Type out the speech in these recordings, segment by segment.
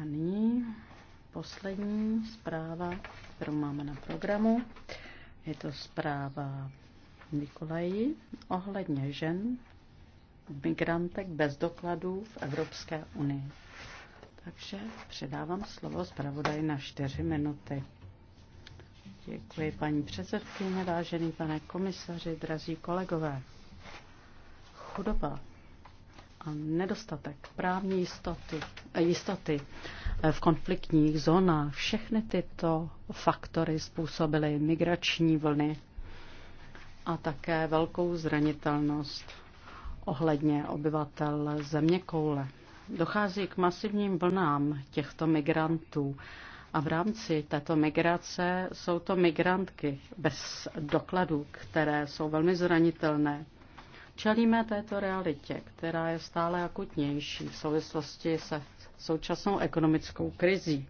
A nyní poslední zpráva, kterou máme na programu. Je to zpráva Nikolaji ohledně žen migrantek bez dokladů v Evropské unii. Takže předávám slovo zpravodaji na čtyři minuty. Děkuji paní předsedkyně, vážený pane komisaři, drazí kolegové. Chudoba a nedostatek právní jistoty, eh, jistoty eh, v konfliktních zónách, všechny tyto faktory způsobily migrační vlny a také velkou zranitelnost ohledně obyvatel zeměkoule. Dochází k masivním vlnám těchto migrantů a v rámci této migrace jsou to migrantky bez dokladů, které jsou velmi zranitelné. Čelíme této realitě, která je stále akutnější v souvislosti se současnou ekonomickou krizí.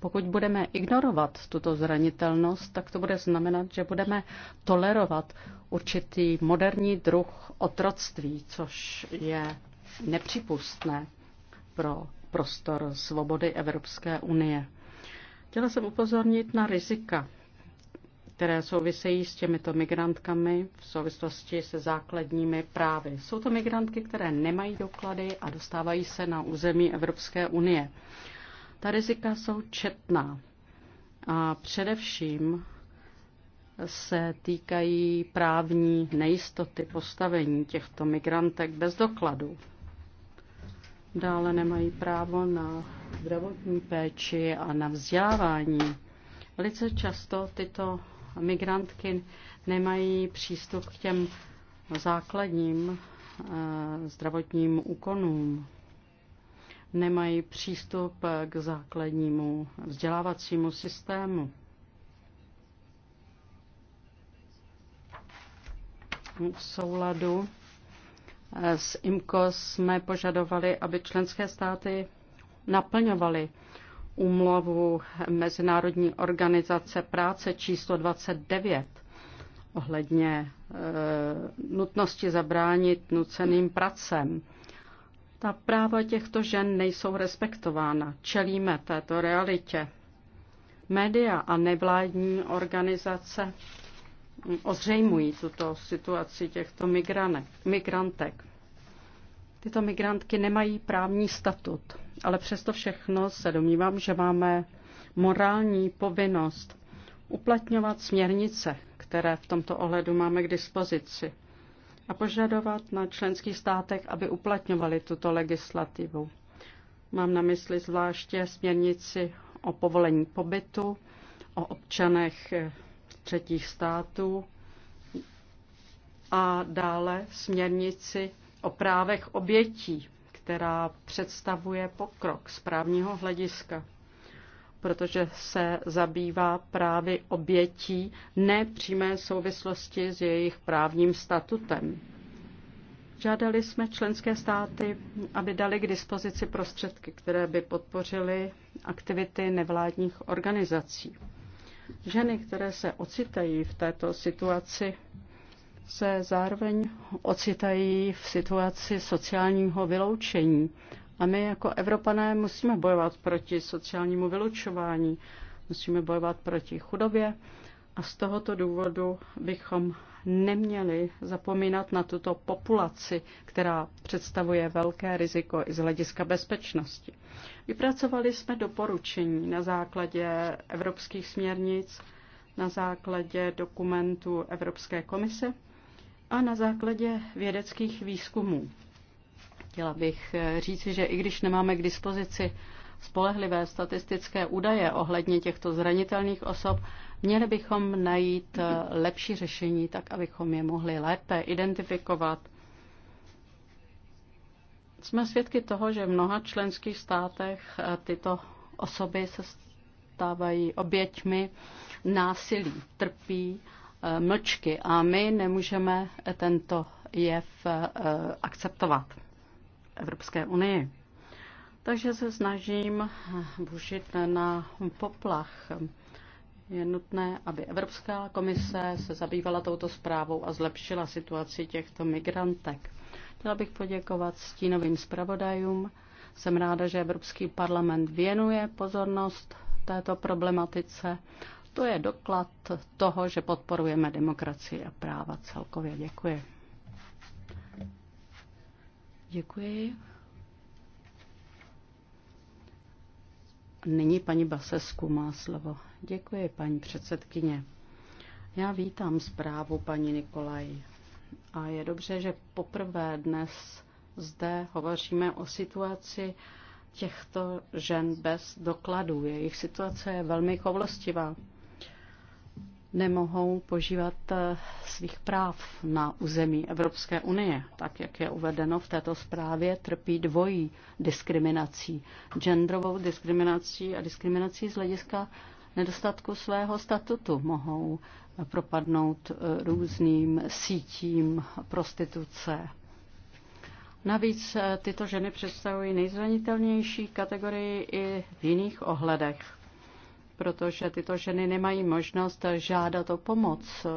Pokud budeme ignorovat tuto zranitelnost, tak to bude znamenat, že budeme tolerovat určitý moderní druh otroctví, což je nepřípustné pro prostor svobody Evropské unie. Chtěla jsem upozornit na rizika, které souvisejí s těmito migrantkami v souvislosti se základními právy. Jsou to migrantky, které nemají doklady a dostávají se na území Evropské unie. Ta rizika jsou četná a především se týkají právní nejistoty postavení těchto migrantek bez dokladů. Dále nemají právo na zdravotní péči a na vzdělávání. Velice často tyto migrantky nemají přístup k těm základním eh, zdravotním úkonům. Nemají přístup k základnímu vzdělávacímu systému. V souladu eh, s IMCO jsme požadovali, aby členské státy naplňovaly úmluvu Mezinárodní organizace práce číslo 29 ohledně e, nutnosti zabránit nuceným pracem. Ta práva těchto žen nejsou respektována. Čelíme této realitě. Média a nevládní organizace ozřejmují tuto situaci těchto migranek, migrantek. Tyto migrantky nemají právní statut ale přesto všechno se domnívám, že máme morální povinnost uplatňovat směrnice, které v tomto ohledu máme k dispozici a požadovat na členských státech, aby uplatňovali tuto legislativu. Mám na mysli zvláště směrnici o povolení pobytu, o občanech třetích států a dále směrnici o právech obětí která představuje pokrok z právního hlediska, protože se zabývá právy obětí nepřímé souvislosti s jejich právním statutem. Žádali jsme členské státy, aby dali k dispozici prostředky, které by podpořily aktivity nevládních organizací. Ženy, které se ocitají v této situaci, se zároveň ocitají v situaci sociálního vyloučení. A my jako Evropané musíme bojovat proti sociálnímu vylučování, musíme bojovat proti chudobě a z tohoto důvodu bychom neměli zapomínat na tuto populaci, která představuje velké riziko i z hlediska bezpečnosti. Vypracovali jsme doporučení na základě evropských směrnic, na základě dokumentu Evropské komise a na základě vědeckých výzkumů. Chtěla bych eh, říci, že i když nemáme k dispozici spolehlivé statistické údaje ohledně těchto zranitelných osob, měli bychom najít eh, lepší řešení, tak abychom je mohli lépe identifikovat. Jsme svědky toho, že v mnoha členských státech eh, tyto osoby se stávají oběťmi násilí, trpí Eh, mlčky a my nemůžeme tento jev eh, akceptovat v Evropské unii. Takže se snažím bušit eh, na poplach. Je nutné, aby Evropská komise se zabývala touto zprávou a zlepšila situaci těchto migrantek. Chtěla bych poděkovat stínovým zpravodajům. Jsem ráda, že Evropský parlament věnuje pozornost této problematice to je doklad toho, že podporujeme demokracii a práva celkově. Děkuji. Děkuji. Nyní paní Basesku má slovo. Děkuji, paní předsedkyně. Já vítám zprávu paní Nikolaj. A je dobře, že poprvé dnes zde hovoříme o situaci těchto žen bez dokladů. Jejich situace je velmi chovlostivá nemohou požívat eh, svých práv na území Evropské unie. Tak, jak je uvedeno v této zprávě, trpí dvojí diskriminací. Genderovou diskriminací a diskriminací z hlediska nedostatku svého statutu. Mohou propadnout eh, různým sítím prostituce. Navíc eh, tyto ženy představují nejzranitelnější kategorii i v jiných ohledech protože tyto ženy nemají možnost žádat o pomoc eh,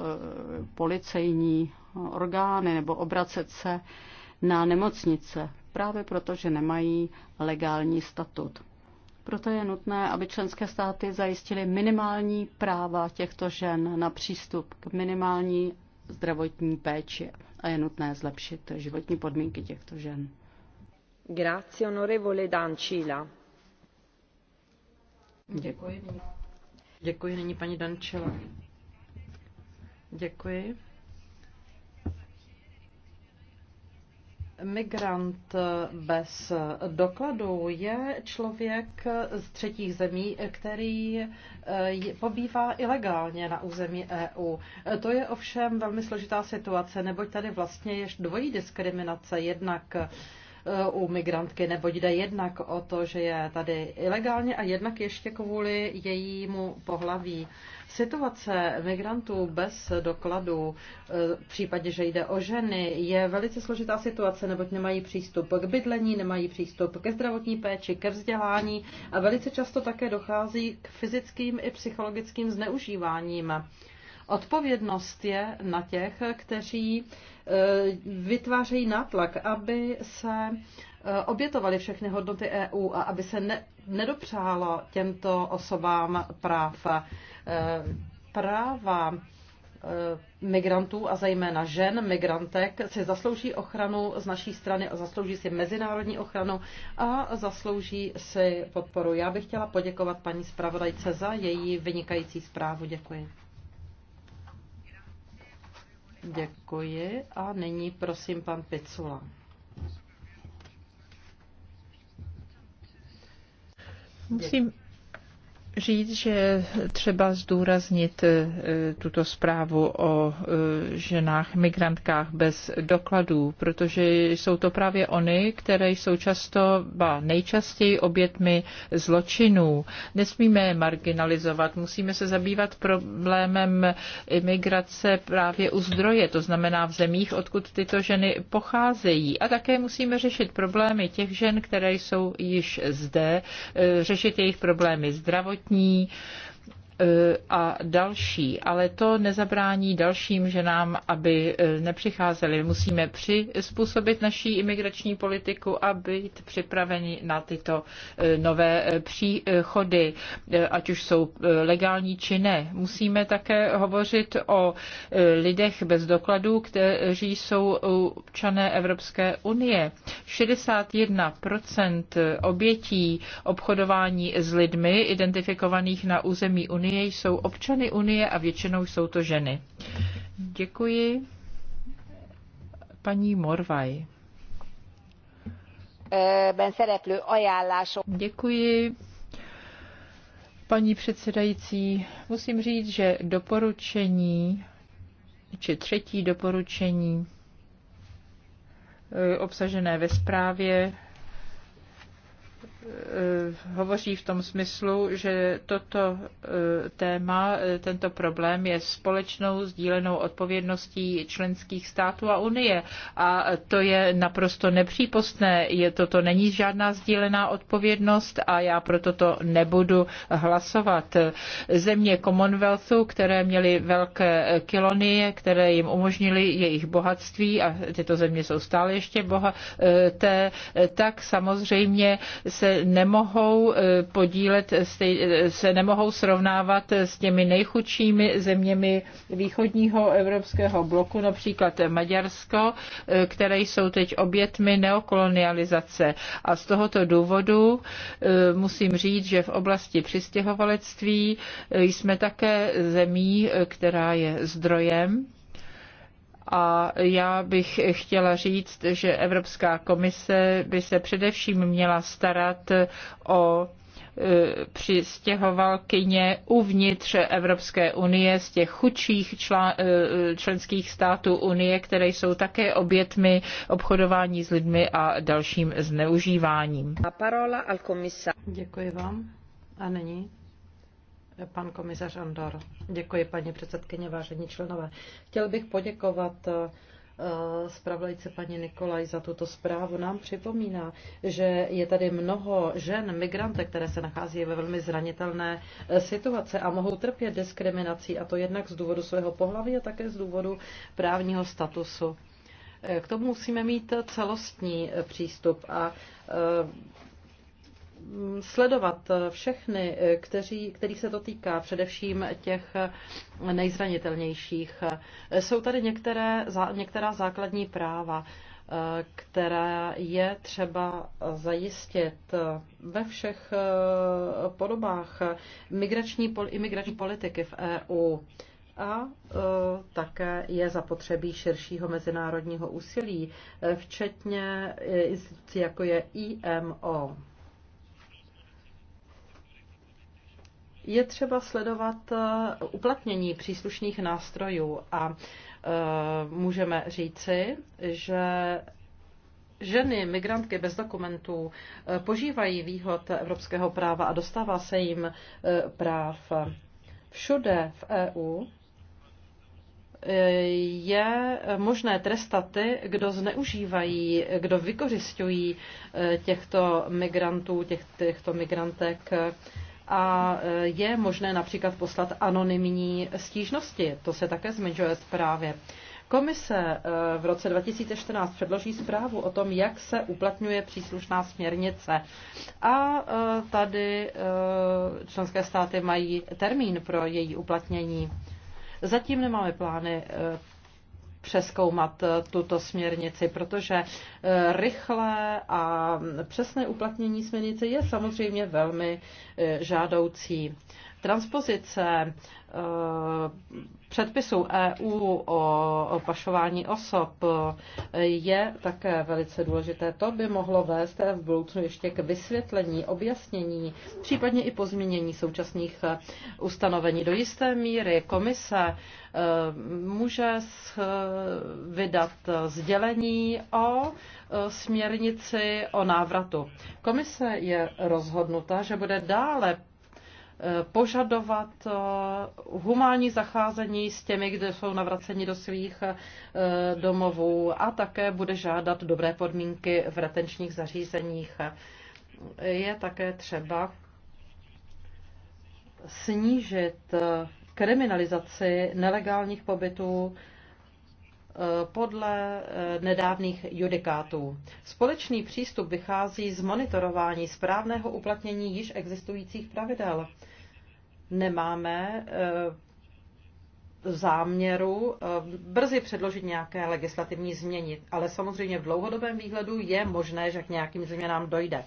policejní orgány nebo obracet se na nemocnice, právě proto, že nemají legální statut. Proto je nutné, aby členské státy zajistily minimální práva těchto žen na přístup k minimální zdravotní péči a je nutné zlepšit životní podmínky těchto žen. Grazie onorevole Dancila. Děkuji. Děkuji, nyní paní Dančela. Děkuji. Migrant bez dokladu je člověk z třetích zemí, který eh, pobývá ilegálně na území EU. To je ovšem velmi složitá situace, neboť tady vlastně je dvojí diskriminace. Jednak u migrantky, nebo jde jednak o to, že je tady ilegálně a jednak ještě kvůli jejímu pohlaví. Situace migrantů bez dokladu, eh, v případě, že jde o ženy, je velice složitá situace, neboť nemají přístup k bydlení, nemají přístup ke zdravotní péči, ke vzdělání a velice často také dochází k fyzickým i psychologickým zneužíváním. Odpovědnost je na těch, kteří e, vytvářejí nátlak, aby se e, obětovali všechny hodnoty EU a aby se ne, nedopřálo těmto osobám práv. E, práva migrantů a zejména žen, migrantek, si zaslouží ochranu z naší strany, zaslouží si mezinárodní ochranu a zaslouží si podporu. Já bych chtěla poděkovat paní zpravodajce za její vynikající zprávu. Děkuji. Děkuji a nyní prosím pan Picula. Musím, říct, že třeba zdůraznit eh, tuto zprávu o eh, ženách migrantkách bez dokladů, protože jsou to právě oni, které jsou často, ba nejčastěji obětmi zločinů. Nesmíme je marginalizovat, musíme se zabývat problémem imigrace právě u zdroje, to znamená v zemích, odkud tyto ženy pocházejí. A také musíme řešit problémy těch žen, které jsou již zde, eh, řešit jejich problémy zdravotní, kvalitní Eh, a další, ale to nezabrání dalším ženám, aby eh, nepřicházeli. Musíme přizpůsobit naší imigrační politiku a být připraveni na tyto eh, nové příchody, ať už jsou legální či ne. Musíme také hovořit o lidech bez dokladů, kteří jsou občané Evropské unie. 61% obětí obchodování s lidmi identifikovaných na území Unie unie jsou občany unie a většinou jsou to ženy. Děkuji. Paní Morvaj. Děkuji. Paní předsedající, musím říct, že doporučení, či třetí doporučení e, obsažené ve zprávě Eh, hovoří v tom smyslu, že toto eh, téma, eh, tento problém je společnou sdílenou odpovědností členských států a Unie. A to je naprosto nepřípustné. Je, toto není žádná sdílená odpovědnost a já proto to nebudu hlasovat. Země Commonwealthu, které měly velké kilonie, které jim umožnily jejich bohatství, a tyto země jsou stále ještě bohaté, tak samozřejmě se nemohou eh, podílet, eh, eh, se nemohou srovnávat s těmi nejchudšími zeměmi východního evropského bloku, například Maďarsko, které jsou teď obětmi neokolonializace. A z tohoto důvodu musím říct, že v oblasti přistěhovalectví jsme také zemí, která je zdrojem a já bych chtěla říct, že Evropská komise by se především měla starat o e, přistěhovalkyně uvnitř Evropské unie z těch chudších e, členských států unie, které jsou také obětmi obchodování s lidmi a dalším zneužíváním. A parola al komisa. Děkuji vám. A není. Pan komisař Andor. Děkuji, paní předsedkyně, vážení členové. Chtěl bych poděkovat eh, zpravodajce paní Nikolaj za tuto zprávu nám připomíná, že je tady mnoho žen, migrantek, které se nachází ve velmi zranitelné eh, situace a mohou trpět diskriminací, a to jednak z důvodu svého pohlaví a také z důvodu právního statusu. Eh, k tomu musíme mít celostní přístup a Mm, sledovat eh, všechny, eh, kteří, kterých se to týká, především těch eh, nejzranitelnějších. Jsou tady některé, některá základní práva, která je třeba zajistit ve všech podobách migrační, imigrační politiky v EU a také je zapotřebí širšího mezinárodního úsilí, včetně institucí jako je IMO. je třeba sledovat eh, uplatnění příslušných nástrojů a eh, můžeme říci, že ženy, migrantky bez dokumentů eh, požívají výhod evropského práva a dostává se jim práv. Všude v EU je možné trestat ty, kdo zneužívají, kdo vykořišťují těchto migrantů, těch, těchto migrantek a e, je možné například poslat anonymní stížnosti. To se také zmiňuje zprávě. Komise e, v roce 2014 předloží zprávu o tom, jak se uplatňuje příslušná směrnice. A e, tady členské státy mají termín pro její uplatnění. Zatím nemáme plány přeskoumat eh, tuto směrnici, protože eh, rychlé a přesné uplatnění směrnice je samozřejmě velmi eh, žádoucí transpozice eh, předpisů EU o pašování osob eh, je také velice důležité. To by mohlo vést v budoucnu ještě k vysvětlení, objasnění, případně i pozměnění současných eh, ustanovení. Do jisté míry komise může vydat sdělení o směrnici o návratu. Komise je rozhodnuta, že bude dále Eh, požadovat eh, humánní zacházení s těmi, kde jsou navraceni do svých eh, domovů a také bude žádat dobré podmínky v retenčních zařízeních. Je také třeba snížit kriminalizaci nelegálních pobytů Eh, podle eh, nedávných judikátů. Společný přístup vychází z monitorování správného uplatnění již existujících pravidel. Nemáme eh, záměru brzy předložit nějaké legislativní změny, ale samozřejmě v dlouhodobém výhledu je možné, že k nějakým změnám dojde.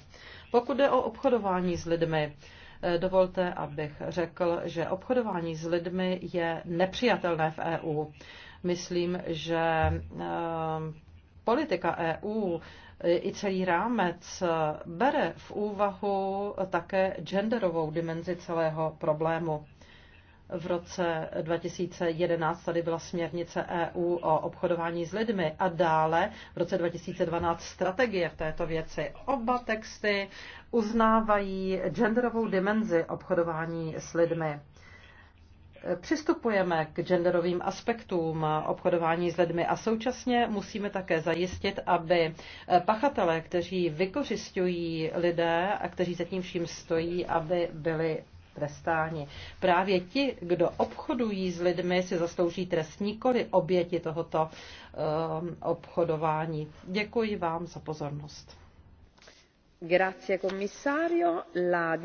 Pokud jde o obchodování s lidmi, dovolte, abych řekl, že obchodování s lidmi je nepřijatelné v EU. Myslím, že ehm, politika EU i celý rámec bere v úvahu také genderovou dimenzi celého problému. V roce 2011 tady byla směrnice EU o obchodování s lidmi a dále v roce 2012 strategie v této věci. Oba texty uznávají genderovou dimenzi obchodování s lidmi přistupujeme k genderovým aspektům obchodování s lidmi a současně musíme také zajistit, aby pachatelé, kteří vykořišťují lidé a kteří za tím vším stojí, aby byli trestáni. Právě ti, kdo obchodují s lidmi, si zaslouží trest nikoli oběti tohoto um, obchodování. Děkuji vám za pozornost. Grazie, Commissario. La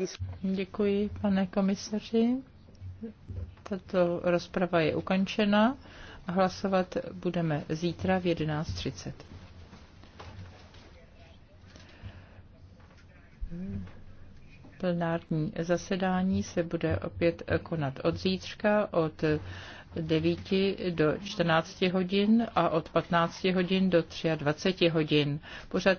Děkuji, pane komisaři. Tato rozprava je ukončena a hlasovat budeme zítra v 11.30. Plenární zasedání se bude opět konat od zítřka od 9 do 14 hodin a od 15 hodin do 23 hodin. Pořad